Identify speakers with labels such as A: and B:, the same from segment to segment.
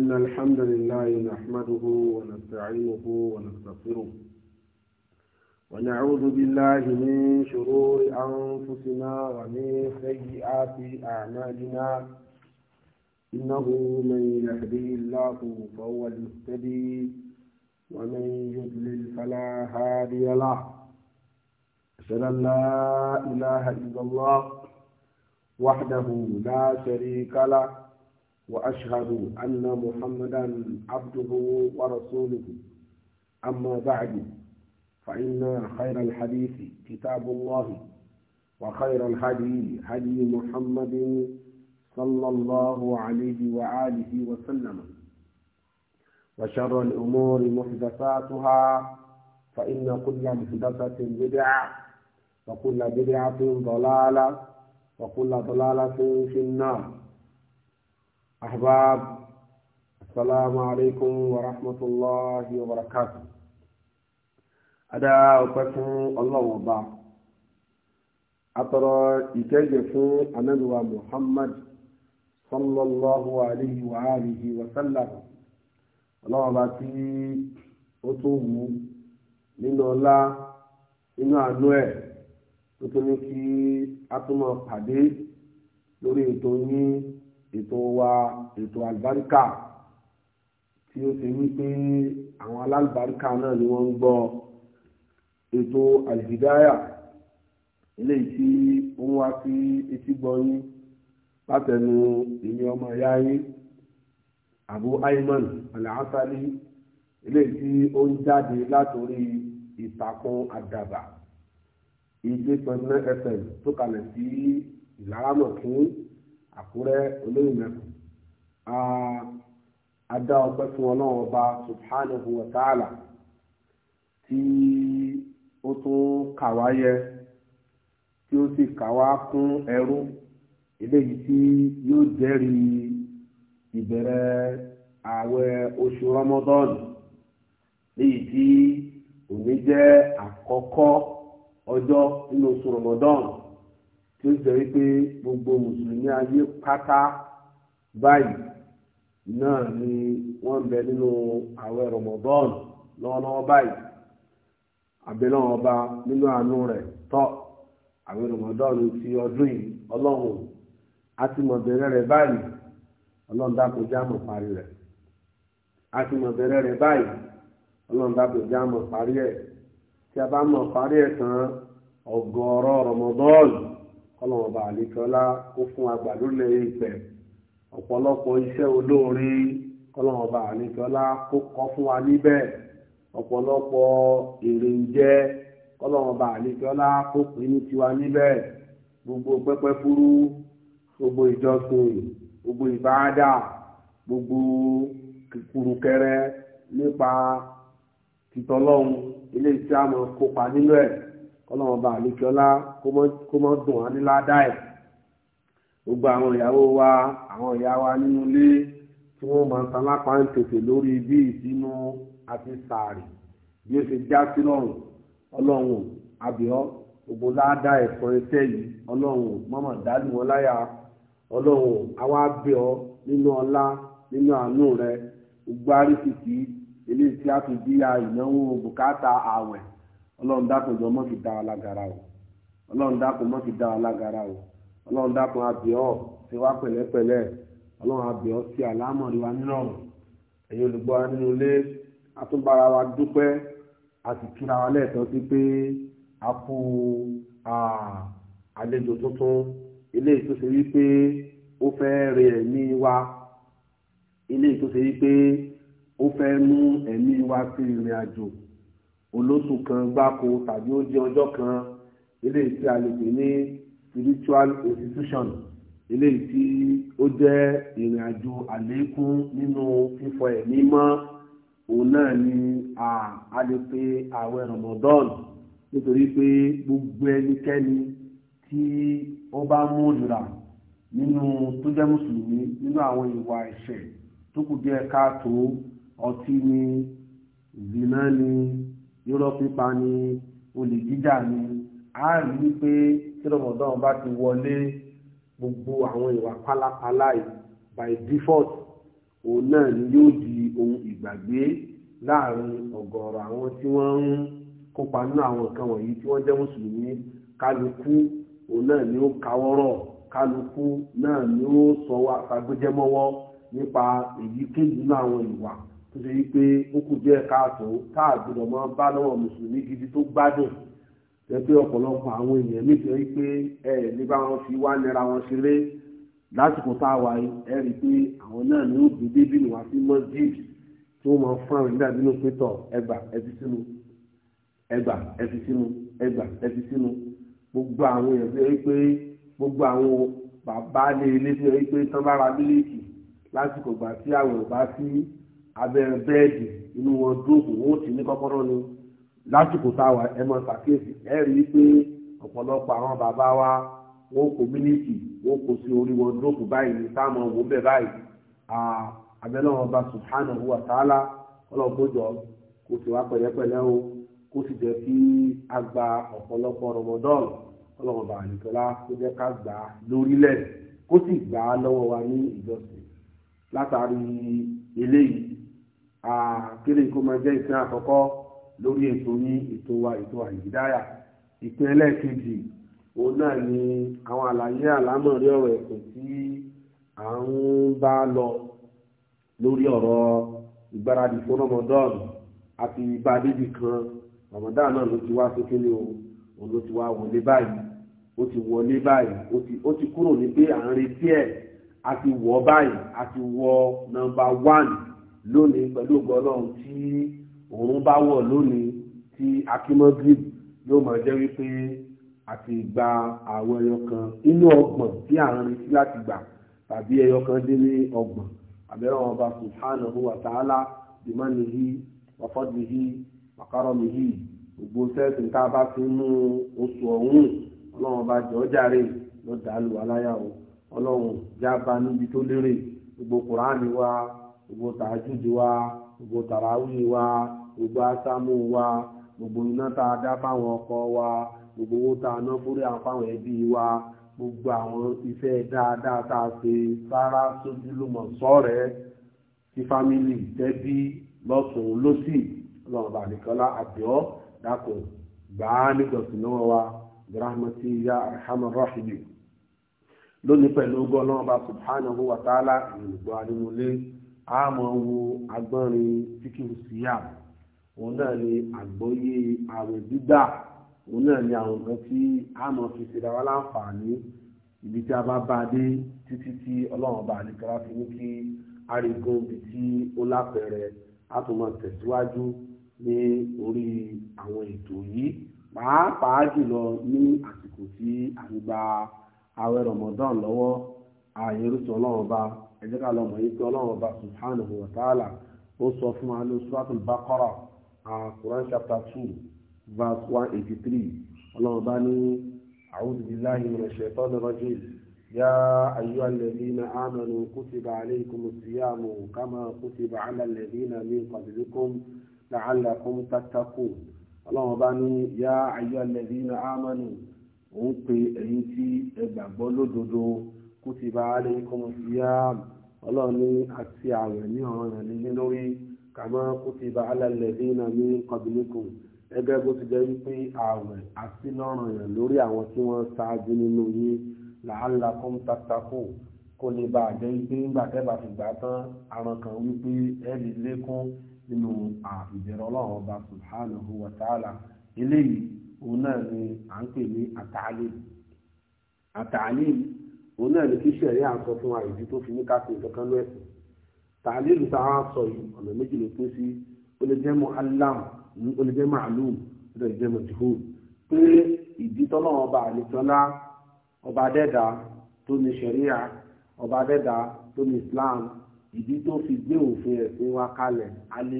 A: إن الحمد لله نحمده ونستعينه ونستغفره ونعوذ بالله من شرور أنفسنا ومن سيئات أعمالنا إنه من يهدي الله فهو المهتدي ومن يضلل فلا هادي له أشهد أن لا إله إلا الله وحده لا شريك له وأشهد أن محمدا عبده ورسوله أما بعد فإن خير الحديث كتاب الله وخير الهدي هدي محمد صلى الله عليه وآله وسلم وشر الأمور محدثاتها فإن كل محدثة بدعة وكل بدعة ضلالة وكل ضلالة في النار أحباب السلام عليكم ورحمة الله وبركاته ada ọpẹ́ fún Ọlọ́run ọba atọrọ ìkẹyẹ fún anabiwa muhammad sallallahu alayhi wa alihi wa sallam Ọlọ́run ọba tí ó tún wù nínú ọlá nínú àánú ẹ̀ tó tún ní kí a tún máa pàdé lórí ètò yín ètò wa ètò àlùbáríkà tí ó ṣe wípé àwọn alálùbáríkà náà ni wọ́n ń gbọ́ ètò àlìfidáyà eléyìí tí ó ń wá sí etí gbọ́yìn látẹnu èmi ọmọ ìyá yín Abu aiman alahasali asali eléyìí tí ó ń jáde látòrí ìtàkùn àdàbà ìgbésọ̀nà fm tó kalẹ̀ sí ìlàrámọ̀ fún àkúrẹ́ olóyìn a adá ọpẹ́ fún ọlọ́run ọba subhanahu wa ta'ala tí ó tún kà yẹ tí ó sì kà wá kún ẹrú eléyìí tí yóò jẹ́rìí ìbẹ̀rẹ̀ ààwẹ̀ oṣù rọmọdọ́ọ̀nù léyìí tí òní jẹ́ àkọ́kọ́ ọjọ́ nínú oṣù rọmọdọ́ọ̀nù tí ó sọ wípé gbogbo mùsùlùmí ayé pátá báyìí náà ni wọ́n ń bẹ nínú àwẹ̀ Ramadan lọ́wọ́lọ́wọ́ báyìí àbẹ̀lẹ̀ ọba nínú àánú rẹ̀ tọ́ àwẹ̀ Ramadan ti ọdún yìí ọlọ́run a ti mọ̀ bẹ̀rẹ̀ rẹ̀ báyìí ọlọ́run dákun já mọ̀ parí rẹ̀ a ti mọ̀ bẹ̀rẹ̀ rẹ̀ báyìí ọlọ́run dákun já mọ̀ parí ẹ̀ tí a bá mọ̀ kọ́lọ́wọ́ bá àlékọ́lá ó fún àgbà lólè ìpẹ́ ọ̀pọ̀lọpọ̀ iṣẹ́ olóorin kọ́lọ́wọ́ bá àlékọ́lá kó kọ́ fún wa níbẹ̀ ọ̀pọ̀lọpọ̀ èrè ń jẹ́ kọ́lọ́wọ́ bá àlékọ́lá kó pín ní tiwa níbẹ̀ gbogbo pẹ́pẹ́ fúrú gbogbo ìjọsìn gbogbo ìbáadà gbogbo kùrùkẹrẹ nípa tìtọ́lọ́hún ilé iṣẹ́ àmọ́ kópa nínú ẹ̀ ọlọ́run ọba àlekíọ́lá kó mọ́ dùn wá níláàdá ẹ̀ gbogbo àwọn ìyàwó wa àwọn ìyá wa nínú ilé tí wọ́n máa ń tan lápá ń tètè lórí bí ìsinú àti sàárì bí ó ṣe já sí lọ́rùn ọlọ́run àbíọ́ gbogbo láàdá ẹ̀fọ́ iṣẹ́ yìí ọlọ́run mọ́mọ́ dálù wọn láyà ọlọ́run àwa bẹ̀ ọ́ nínú ọlá nínú àánú rẹ gbogbo àrísìkí eléyìí tí a fi bí ìnáwó bùkátà ààwẹ̀ ọlọ́run dákun jọ mọ́ fi dá wa lágara o ọlọ́run dákun mọ́ fi dá wa lágara o ọlọ́run dákun abíọ́ ṣe wá pẹ̀lẹ́pẹ̀lẹ́ ọlọ́run abíọ́ ṣe àlámọ̀rí wa nínú ọ̀rọ̀ ẹ̀yin olùgbọ́ wa nínú ilé atúbára wa dúpẹ́ a sì túra wa lẹ́ẹ̀tọ́ sí pé a kú àlejò tuntun ilé tó ṣe wípé ó fẹ́ rè ẹ̀mí wa ilé tó ṣe wípé ó fẹ́ mú ẹ̀mí wa sí ìrìn àjò olóṣù kan gbáko tàbí ó jẹ́ ọjọ́ kan eléyìí tí a lè pè ní spiritual institution eléyìí tí ó jẹ́ ìrìn àjò àlékún nínú fífọ ẹ̀mí mọ́ òun náà ni a lè pe ààwẹ̀ Ramadan nítorí pé gbogbo ẹnikẹ́ni tí ó bá mú ìrà nínú tó jẹ́ mùsùlùmí nínú àwọn ìwà ẹ̀ṣẹ̀ tó kù díẹ̀ káàtó ọtí ni zina ni irọ́ pípa ni olè jíjà ni a rí i pé tí rọmọdán bá ti wọlé gbogbo àwọn ìwà pálapàla by default òun náà ni yóò di ohun ìgbàgbé láàrin ọ̀gọ̀ọ̀rọ̀ àwọn tí wọ́n ń kópa nínú àwọn nǹkan wọ̀nyí tí wọ́n jẹ́ mùsùlùmí kálukú òun náà ni ó káwọ́rọ̀ kálukú náà ni ó sọ wa fagbójẹ́mọ́wọ́ nípa èyíkéyìí nínú àwọn ìwà tó ṣe yí pé ó kù díẹ̀ káàtó káàgbọ́dọ̀ máa bá lọ́wọ́ mùsùlùmí gidi tó gbádùn pé ọ̀pọ̀lọpọ̀ àwọn èèyàn nítorí pé ẹ ní bá wọn fi wá nira wọn ṣeré lásìkò tá a wà yìí ẹ rí i pé àwọn náà ní òbí bíbí ni wàá fi mọ́ jíìp tí wọ́n máa fún àwọn nígbà nínú pétọ̀ ẹgbà ẹfi sínú ẹgbà ẹfi sínú ẹgbà ẹfi sínú gbogbo àwọn èèyàn fi rí pé gbogbo àwọn bàbá lé ilé fi rí pé tán bá ra mílíìkì lásìkò gbà tí àwọn ò bá sí abẹ́rẹ́ bẹ́ẹ̀dì inú wọn dóògùn wọn ò sì ní kọ́kọ́rọ́ ni lásìkò táwa ẹ mọ ṣàkíyèsí ẹ rí i pé ọ̀pọ̀lọpọ̀ àwọn bàbá wa wọn kò mílíkì wọn kò sí orí wọn dóògùn báyìí ní táwọn ọmọ òun bẹ̀ báyìí abẹ́lẹ́ wọn bá subhanahu wa ta'ala ọlọ́gbọ́jọ kò sì wá pẹ̀lẹ́pẹ̀lẹ́ o kó sì jẹ́ kí a gba ọ̀pọ̀lọpọ̀ rọmọdọ́ọ̀lù ọlọ́mọba àlùkọ́lá kó jẹ́ ká gbà á lórílẹ̀ kó sì gbà á lọ́wọ́ wa ní ìjọsìn látàrí eléyìí àkéré kó máa jẹ́ ìpín àkọ́kọ́ lórí ètò yín ètò wa ètò àyídáyà ìpín ẹlẹ́ẹ̀kejì òun náà ni àwọn àlàyé àlámọ̀rí ọ̀rọ̀ ẹ̀kọ́ tí à ń bá lọ lórí ọ̀rọ̀ ìgbáradì fún rọmọdọ́ọ̀nù àti ibà débi kan rọmọdọ́ọ̀nù náà ló ti wá sókè ní o òun ló ti wá wọlé báyìí ó ti wọlé báyìí ó ti kúrò ní pé à ń retí ẹ̀ a ti wọ̀ báyìí a ti wọ nọ́mbà wán lónìí pẹ̀lú ọgọ́lọ́run tí òun bá wọ̀ lónìí tí akímọ́gírì yóò máa jẹ́ wípé a ti gba àwọn ẹyọ kan inú ọgbọ̀n tí à ń retí láti gbà tàbí ẹyọ kan dé ní ọgbọ̀n àbẹ̀rẹ̀ wọn bá subhanahu wa ta'ala bimanihi wa fadlihi wa karamihi gbogbo sẹ́ẹ̀sì tá a bá fi mú oṣù ọ̀hún ọlọ́run bá jọ jàre lọ́dàá lù wá láyà o ọlọ́run jábá níbi tó lérè gbogbo kùránì wa gbogbo tàájúdì wa gbogbo tàràwì wa gbogbo ásámù wa gbogbo iná tá a dá fáwọn ọkọ wa gbogbo owó tá a ná fúrí àfáwọn ẹbí wa gbogbo àwọn iṣẹ́ dáadáa tá a ṣe sára sójúlùmọ̀ sọ́ọ̀rẹ́ sí fámìlì tẹ́bí lọ́sùn lọ́sì ọlọ́run bàdìkọ́lá àbíọ́ dákun gbàá nígbàsí náà wa rahmatulahi arhamar rahimin lónìí pẹ̀lú ogun ọlọ́run bá subhanahu wa ta'ala ìrìnàgbọ́ arimule àmọ́ wo agbọ́nrin fíkìrì síyà òun náà ni àgbọ́yé àwẹ̀ gbígbà òun náà ni àwọn nǹkan tí àmọ́ fi ṣe dáwà láǹfààní ibi tí a bá bá dé títí tí ọlọ́run bá ní kọ́lá fi ní kí arigun ibi tí ó lápẹ̀rẹ̀ á tẹ̀síwájú ní orí àwọn ètò yìí pàápàá jùlọ ní àsìkò tí a àwẹ̀ Ramadan lọ́wọ́ ààyè rúṣọ ọlọ́run ọba ẹ jẹ́ ká lọ mọ̀ yìí pé ọlọ́run ọba subhanahu wa ta'ala ó sọ fún wa ní suratul Baqara Quran chapter two verse one eighty three ọlọ́run ọba ní a'udhu billahi minash shaitanir rajim ya ayyuhal ladhina amanu kutiba alaykumus siyamu kama kutiba ala alladhina min qablikum la'allakum tattaqun ọlọ́run ọba ní ya ayyuhal ladhina amanu òun pe ẹ̀yin tí ẹ gbàgbọ́ lódodo kutiba alaykumu siyam ọlọ́run ní àti ààwẹ̀ ní ọ̀ràn ní lórí kama kutiba ala alladhina min qablikum ẹgbẹ́ bó ti jẹ́ wípé ààwẹ̀ àti lọ́rùn yàn lórí àwọn tí wọ́n ṣáájú nínú yín la'allakum tattaqun kó lè bá àjẹ́ wípé nígbà tẹ́bà fi gbà tán àrùn kan wípé ẹ̀rí lékún nínú àìbẹ̀rẹ̀ ọlọ́run ọba subhanahu wa ta'ala eléyìí òun náà ni à ń pè ní àtàlìm àtàlìm òun náà ni kí sẹ̀rí à ń sọ fún wa ìdí tó fi ní ká pè kankan ló ẹ̀sìn tàlím tá a sọ yìí ọ̀nà méjì ló pín sí ó lè jẹ́ mọ́ alam ó lè jẹ́ alum ó lè pé ìdí tọ́lọ́ ọba àlejòlá ọba adẹ́dà tó ní sẹ̀ríà ọba adẹ́dà tó ní Islam ìdí tó fi gbé òfin ẹ̀sìn wa kalẹ̀ a lè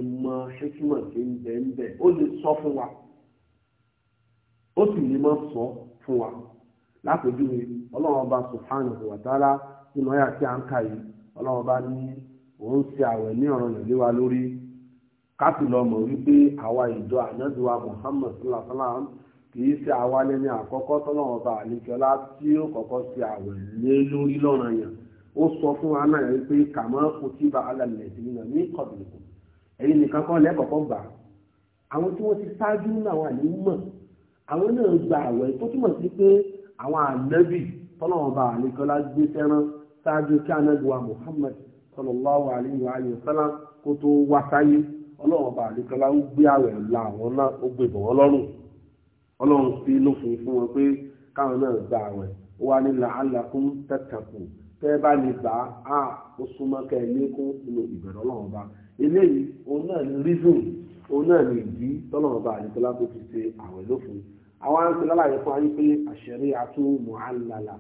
A: ṣẹ́kímọ̀ tí ń bẹ ń bẹ ó lè sọ fún wa. ó sì lè máa sọ fún wa lápèjúwe ọlọ́run ọba subhanahu wa si nínú ọyà tí a ń kà yìí ọlọ́run ọba ní òun ṣe àwẹ̀ ní ọ̀ràn yẹn lé wa lórí káàtì wípé àwa ìjọ Muhammad sallallahu kìí ṣe àwa lẹ́ni àkọ́kọ́ tọ́lọ́run ọba àlejòlá tí ó kọ́kọ́ ṣe àwẹ̀ lé lórí lọ́ràn yẹn ó sọ fún wa wípé kàmọ́ ala ti ní àwọn náà gba àwẹ̀ tó túmọ̀ sí pé àwọn ànábì tọ́lọ́mọba àlekọ́lá gbé fẹ́ràn ṣáájú kí anágbèwà Muhammad sallallahu alayhi wa sallam kó tó wá sáyé ọlọ́mọba àlekọ́lá ń gbé àwẹ̀ la àwọn náà ó gbé bọ̀ wọ́n lọ́rùn ọlọ́run fi lófin fún wọn pé káwọn náà gba àwẹ̀ ó wá ní la'allakum tattaqun tẹ́ bá lè gbà á ó súnmọ́ kẹ́ ẹ lékún ìbẹ̀rẹ̀ ọlọ́run eléyìí òun náà ní rídùn òun náà ní ìdí tọ́lọ́run àlekọ́lá tó fi ṣe àwẹ̀ lófin àwọn àǹtí lálàyé fún ayé pé àṣẹrí àtú mọ̀álàlà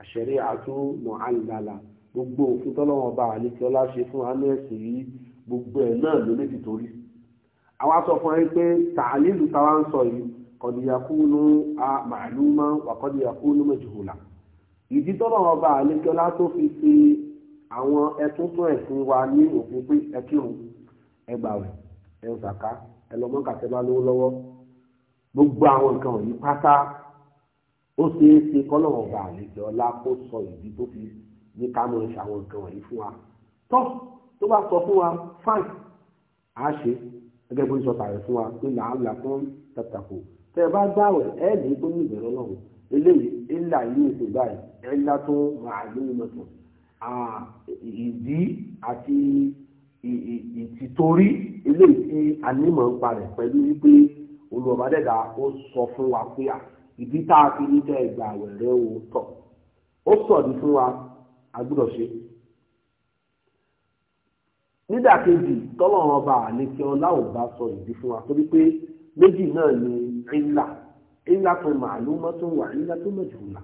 A: àṣẹrí àtú mọ̀álàlà gbogbo òfin tọ́lọ́wọ́n bá àlékí ọlá ṣe fún anẹ́ẹ̀sì yìí gbogbo ẹ̀ náà ló lè tìtorí àwa sọ fún ayé pé tààlílù táwa ń sọ yìí kọ̀dìyàkúnú màálùmá wà kọ̀dìyàkúnú mẹ́jùhùlà ìdí tọ́lọ́wọ́n bá àlékí ọlá tó fi ṣe àwọn ẹtúntún ẹ̀sìn wa ní òfin pé ẹkírun ẹgbàwẹ̀ ẹ gbogbo àwọn nǹkan wọ̀nyí pátá ó ṣeé ṣe kọ́lọ́wọ̀n bá àlejò ọlá kó sọ ìdí tó fi ní ká mọ̀ ṣe àwọn nǹkan wọ̀nyí fún wa tó tó bá sọ fún wa fáìn á ṣe gẹ́gẹ́ bó ń sọ tààrẹ fún wa pé làálàá fún tàtàkù tẹ́ ẹ bá gbààwẹ̀ ẹ ní tó ní ìbẹ̀rẹ̀ ọlọ́run eléyìí ńlá yìí ètò báyìí ẹ̀ńlá tó máa lóyún mọ́tò ìdí àti ìtìtorí eléyìí tí anímọ̀ ń parẹ̀ pẹ̀lú wípé olùwàbàdẹ́gà ó sọ fún wa pé ìdí tá a fi ní tẹ ìgbà wẹ̀rẹ́ o tọ̀ ó sọ̀dí fún wa a gbọ́dọ̀ ṣe. nídàkejì tọ́lọ́run ọba àlekẹ́ ọlá ò bá sọ ìdí fún wa torí pé méjì náà ni ìlà ìlà tó màálù mọ́tò wà ìlà tó mọ̀jùlá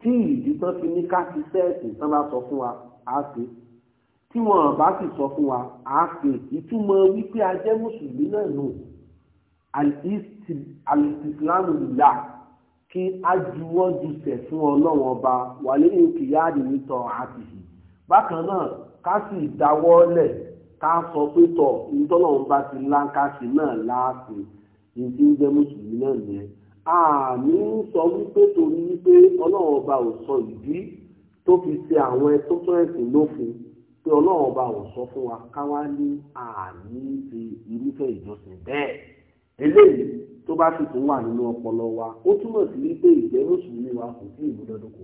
A: tí ìdí tán fi ní ká ti sẹ́ẹ̀sì tán bá sọ fún wa á ṣe tí wọn bá sì sọ fún wa á ṣe ìtumọ̀ wípé a jẹ́ mùsùlùmí náà nù alìsìláàmù ìlà kí a juwọ́ jùsẹ̀ fún ọlọ́run ọba wàlẹ́ ìkìyàdì nítọ̀ àtìsí bákan náà ká sì dáwọ́lẹ̀ ká sọ pé tọ̀ nítọ́lọ́run bá ti ńlá ká sí náà láàfin ní tí ń jẹ́ mùsùlùmí náà nìyẹn àmì ń sọ wípé torí wípé ọlọ́run ọba ò sọ ìdí tó fi ṣe àwọn ẹtọ́tọ́ ẹ̀sìn lófin pé ọlọ́run ọba ò sọ fún wa ká wá ní àní ti irúfẹ́ ìjọsìn bẹ́ẹ̀. eléyìí tó bá sì tún wà nínú ọpọlọ wa ó túmọ̀ sí wípé ìjẹ́ mùsùlùmí wa kò sí ìmúdọ́dọ́kọ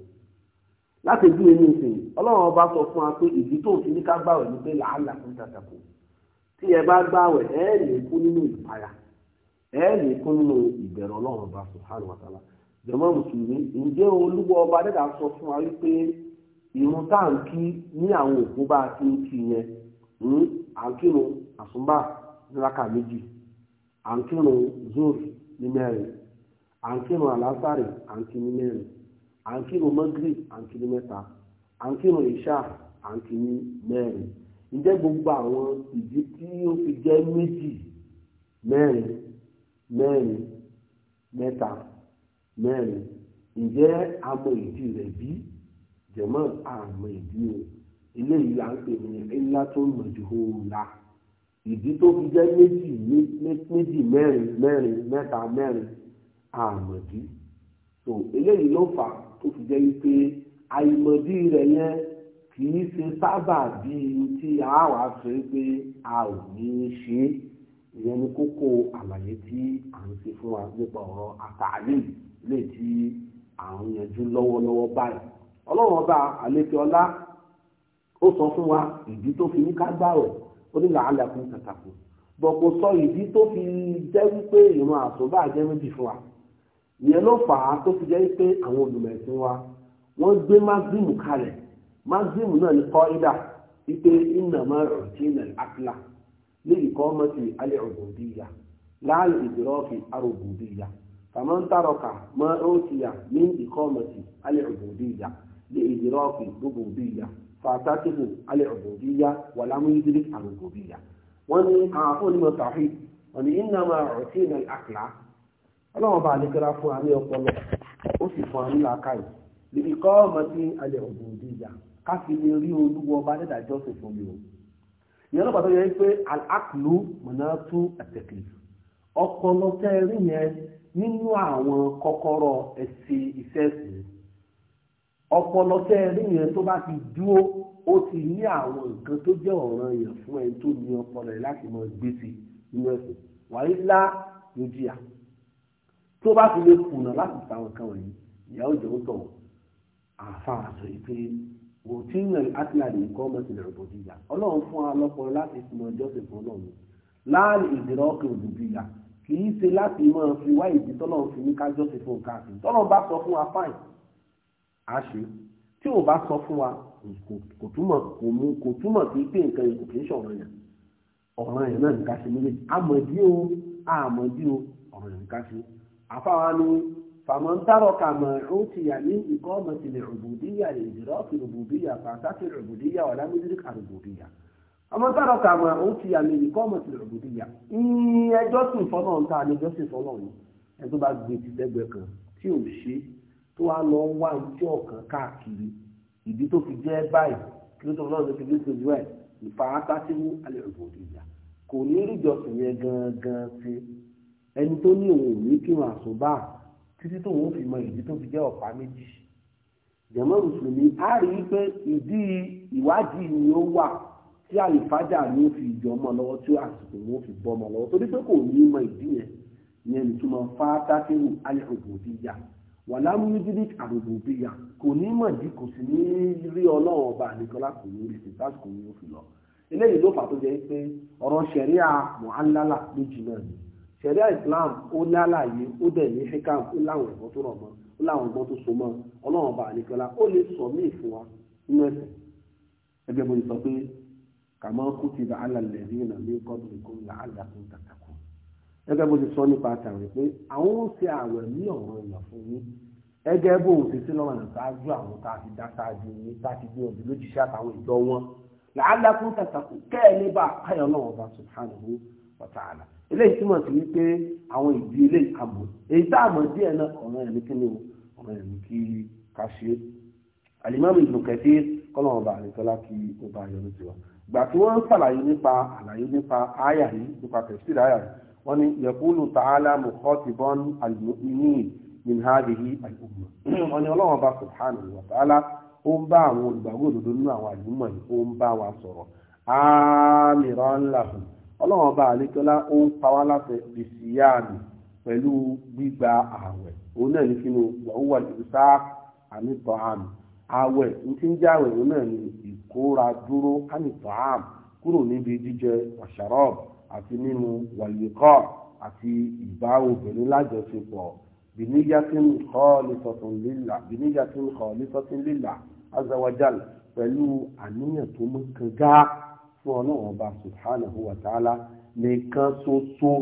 A: láti dún inú ìsìn ọlọ́run ọba sọ fún wa pé ìdí tó fi ní ká gbàwẹ̀ ní pé làálà fún tàtàkù tí ẹ bá gbàwẹ̀ ẹ lè kú nínú ìpayà ẹ lè kú nínú ìbẹ̀rù ọlọ́run ọba subhanahu wa ta'ala jọmọ mùsùlùmí ǹjẹ́ olúwọ ọba dẹ́dà sọ fún wa wípé ìrun tá à ń kí ní àwọn òkú bá a ti ń kí yẹn hmm, à à ń kírun zoro ní mẹ́rin à ń kírun alásàrè à ń kí ní mẹ́rin à ń kírun mọ́gírì à ń kí ní mẹ́ta à ń kírun ìṣá à ń kí ní mẹ́rin ǹjẹ́ gbogbo àwọn ìdí tí ó fi jẹ́ méjì mẹ́rin mẹ́rin mẹ́ta mẹ́rin ǹjẹ́ àmọ́ ìdí rẹ̀ bí jẹ̀mọ́ àmọ́ ìdí o eléyìí là ń pè ní ńlá tó mọ̀jú hó ìdí tó fi jẹ́ méjì méjì mẹ́rin mẹ́rin mẹ́ta mẹ́rin àmọ̀dí so eléyìí ló fà tó fi jẹ́ wípé àìmọ̀dí rẹ̀ yẹn kì í ṣe sábà bíi tí a wà sọ pé a ò ní í ṣe é ìyẹn ni kókó àlàyé tí à ń ṣe fún wa nípa ọ̀rọ̀ àtàlẹ́ lè ti à ń yanjú lọ́wọ́lọ́wọ́ báyìí ọlọ́run ọba àlejò ọlá ó sọ fún wa ìdí tó fi ní ká gbà rẹ̀ onílà alákùn kàkàkù bọ̀ kò sọ ìdí tó fi jẹ́ wípé ìran àtúbà jẹ́ méjì fún wa ìyẹn ló fà á tó fi jẹ́ wípé àwọn olùmẹ̀sìn wa wọ́n gbé mazimu kalẹ̀ mazimu náà ní kọ́ídà wípé ìnàmọ́ rọ̀tínà àkìlà léyìí kọ́ mọ́tì alẹ́ ọ̀gbọ̀ndìyà láàyè ìdúrọ́ọ̀fì arọ̀gbọ̀ndìyà فمن ترك ما أوتي fàtàkìhùn alẹ́ ọ̀dọ̀bíyá wà lámúyídírí àrùgbòbíyá wọ́n ní àwọn onímọ̀ tàhí ọ̀nà iná máa rọ̀ sí ìnà àkìlá ọlọ́run bá àlékẹ́ra fún àmì ọpọlọ ó sì fún àmì làákàyè lèmi kọ́ ọmọ sí alẹ́ ọ̀dọ̀bíyá ká rí olúwọ ọba dídájọ́ sì fún mi o ìyẹn lọ́pàá tó yẹ pé àkìlú mọ̀nà tú ẹ̀tẹ̀kì ọpọlọ tẹ́ yẹn nínú àwọn kọ́kọ́rọ́ ẹ̀sìn ìfẹ́ ọpọlọ tẹ́ ẹ rí yẹn tó bá ti dúró ó ti ní àwọn nǹkan tó jẹ́ ọ̀ràn yẹn fún ẹni tó ní ọpọlọ yẹn láti mọ gbé sí inú ẹ̀sìn wàá lá lójìyà tó bá fi lè kùnà láti sàwọn kan wọ̀nyí ìyá òjò ń tọ̀ àfàà sọ yìí pé wò tí ń rìn átìláàdì nǹkan ọmọ ìsìnlẹ̀ òbòdì yà ọlọ́run fún wa lọ́pọ̀ láti mọ ìjọsìn fún ọlọ́run láàrin ìdìrọ̀ ọkàn òbòdì yà kì í ṣe láti máa fi wá ìdí tọ́lọ́run fi ní kájọ́sìn fún nǹkan àti tọ́lọ́run bá sọ fún wa fáìn á ṣe tí ò bá sọ fún wa kò túmọ̀ kò mú kò túmọ̀ sí pé nǹkan yìí kò kì í ṣọ̀ràn yẹn ọ̀ràn yẹn náà nǹkan ṣe nílé àmọ̀dí o àmọ̀dí o ọ̀ràn yẹn nǹkan ṣe àfáwa ni fàmọ́ntàrọ̀ kàmọ̀ ó ti yà ní ìkọ́ ọmọtìlẹ̀ òbòdíyà ìdìrọ́ fi òbòdíyà pàtàkì òbòdíyà wà lámídírí àròbòdíyà fàmọ́ntàrọ̀ kàmọ̀ ó ti yà ní ìkọ́ ọmọtìlẹ̀ òbòdíyà ìyẹn ẹjọ́ sì fọ́nà ń ta ni ẹjọ́ sì fọ́nà ni ẹjọ́ bá gbé ti dẹ́gbẹ́ kan tí ò ṣe tó wá lọ wá ojú ọ̀kan káàkiri ìdí tó fi jẹ́ báyìí kí ló tó lọ́dọ̀ tó fi gbé sojú ẹ̀ ìfarapa sínú alẹ́ òbòdì ìyá kò ní ìjọsìn yẹn gangan ti ẹni tó ní òun ò ní kí wọn àsùnbà títí tó wọn fi mọ ìdí tó fi jẹ́ ọ̀pá méjì jẹ̀mọ́ mùsùlùmí á rí i pé ìdí ìwádìí ni ó wà tí àlìfájà ni ó fi ìjọ ọmọ lọ́wọ́ tí àsìkò ni ó fi bọ́ ọmọ lọ́wọ́ torí pé kò ní mọ ìdí yẹn ìyẹn nìtúmọ̀ fáátá sínú alẹ́ òbòdì ìyá wàlá mídírì àrùbùbíyà kò ní mọ̀dí kò sì ní rí ọlọ́run ọba àdìkọ́lá kò ní rí sítáàsì kò ní ó fi lọ eléyìí ló fà tó jẹ́ pé ọ̀rọ̀ ṣẹ̀ríà mọ̀hálálà méjì náà ni ṣẹ̀ríà Islam ó ní àlàyé ó dẹ̀ ní hekam ó láwọn ẹ̀gbọ́n tó rọ̀ mọ́ ó láwọn ẹ̀gbọ́n tó so mọ́ ọlọ́run ọba àdìkọ́lá ó lè sọ míì fún wa nínú ẹ̀sìn ẹgbẹ́ mo ti sọ pé kàmọ́ kú ti bá alàlẹ́ gẹ́gẹ́ bó ti sọ nípa àtàwé pé àwọn ó ṣe àwẹ̀ ní ọ̀rọ̀ ìyàn fún yín gẹ́gẹ́ bó ti sí lọ́wọ́ ìyàn ṣáájú àwọn tá a ti dá ṣáájú yín tá a ti gbé ọ̀dọ̀ lójijì àtàwọn ìjọ wọn làálàkún tàtàkù kẹ́ẹ̀lé bá káyọ̀ náà ọba subhanahu wa ta'ala eléyìí túmọ̀ sí wípé àwọn ìdí eléyìí àbò èyí tá àmọ̀ díẹ̀ náà ọ̀rọ̀ ẹ̀mí kí ni ọ̀rọ̀ ẹ̀mí kí ká ṣe alimami Ibn Kathir kọ́nà ọba àlejòlá kí ọba ayọ̀ ló ti wá gbà tí wọ́n ń ṣàlàyé nípa àlàyé nípa áyà yìí nípa tẹ̀síìlì áyà yìí wọ́n ní yẹ̀kúlù tààlà mùkọ́tìbọ́n àlùmí min hadihi al-umma wọ́n ní ọlọ́wọ́n bá subhanahu wa ta'ala ó ń bá àwọn olùgbàgbọ́ òdodo nínú àwọn àlùmọ̀ yìí ó ń bá wa sọ̀rọ̀ àmìràn lahum ọlọ́wọ́n bá àlékọ́lá ó ń pa wá láfẹ́ bìsíyàmì pẹ̀lú gbígba ààwẹ̀ òun náà ní kínú wàhúwà ìrúsá àmìtọ̀ àmì ní ti àmì kúrò àti mímu wàlíkọ́ àti ìbá obìnrin lájọṣepọ̀ bìníyàtún kọ́ọ̀lìsọ́tún lílà azawajal pẹ̀lú àníyàn tó mọ́ kan gá fún ọlọ́run ọba subhanahu wa ta'ala nìkan ṣoṣo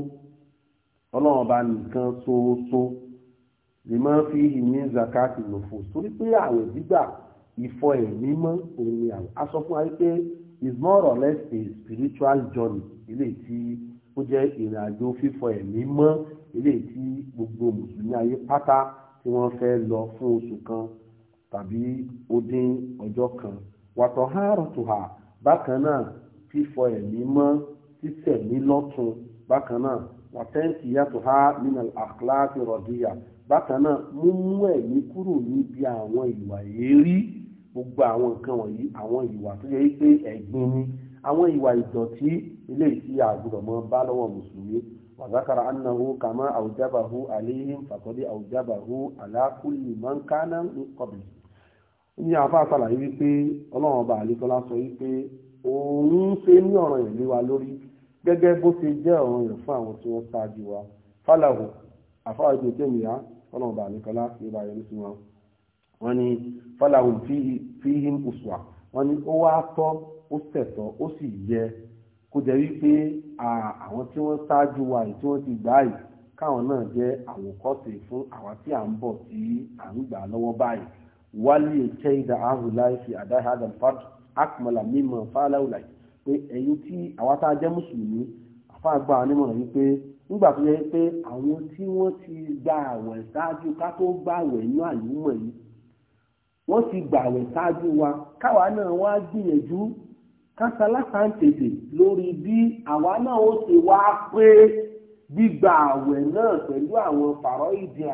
A: ọlọ́run ọba nìkan ṣoṣo lè máa fi ìní zakati lòfò torí pé àwẹ̀ gbígbà ìfọ ẹ̀mí mọ́ òun ni àwẹ̀ a fún wa pé is more or less a spiritual journey eléyìí tí ó jẹ́ ìrìn àjò fífọ ẹ̀mí mọ́ eléyìí tí gbogbo mùsùlùmí ayé pátá tí wọ́n fẹ́ lọ fún oṣù kan tàbí ó dín ọjọ́ kan wàtò hàrùtùhà bákan náà fífọ ẹ̀mí mọ́ títẹ̀mí lọ́tun bákan náà wàtẹ́ǹtì yàtò ha nínú àkíláàsì rọ̀díyà bákan náà mú mú ẹ̀mí kúrò níbi àwọn ìwà èérí gbogbo àwọn nǹkan wọ̀nyí àwọn ìwà tó yẹ pé ẹ̀gbin ni àwọn ìwà ìdọ̀tí eléyìí tí àgùdọ̀ mọ́ bá lọ́wọ́ mùsùlùmí wàzákàrà annahu kàmá àwùjábàhu àléhìn fàkọ́dé àwùjábàhu alákùlì mọ́ńkánná ní kọ̀bì. ní afá àtàlàyé wípé ọlọ́run ọba àlékọ́lá sọ wípé òun ń ṣe ní ọ̀rọ̀ ìlú wa lórí gẹ́gẹ́ bó ṣe jẹ́ ọ̀rọ̀ rẹ̀ fún àwọn tí wọ́n ṣáájú wa fálàhù àfáwájú tèmíyá ọlọ́run ọba àlékọ́lá yóò bá yọ wọ́n ní fọláhùn fíhìm uswa wọ́n ní ó wá tọ́ ó ṣẹ̀tọ́ ó sì yẹ kó jẹ́ wípé àwọn tí wọ́n ṣáájú wa yìí tí wọ́n ti gbà yìí káwọn náà jẹ́ àwòkọ́ṣe fún àwa tí à ń bọ̀ tí à ń gbà lọ́wọ́ báyìí wálé ẹ̀kẹ́ ìdá ahùláì fi àdáhàdà fàdù akmọ̀là mímọ̀ fáláwùláì pé ẹ̀yin tí àwa tá a jẹ́ mùsùlùmí àfáàgbà onímọ̀ràn wípé nígbà tó yẹ pé àwọn tí wọ́n ti gba àwẹ̀ ṣáájú ká tó gbàwẹ̀ inú àyùmọ̀ yìí wọ́n ti gbààwẹ̀ ṣáájú wa káwa náà wá gbìyànjú kásáláṣà ń tètè lórí bí àwa náà ó ṣe wá pé gbígba àwẹ̀ náà pẹ̀lú àwọn fàrọ̀ ìdí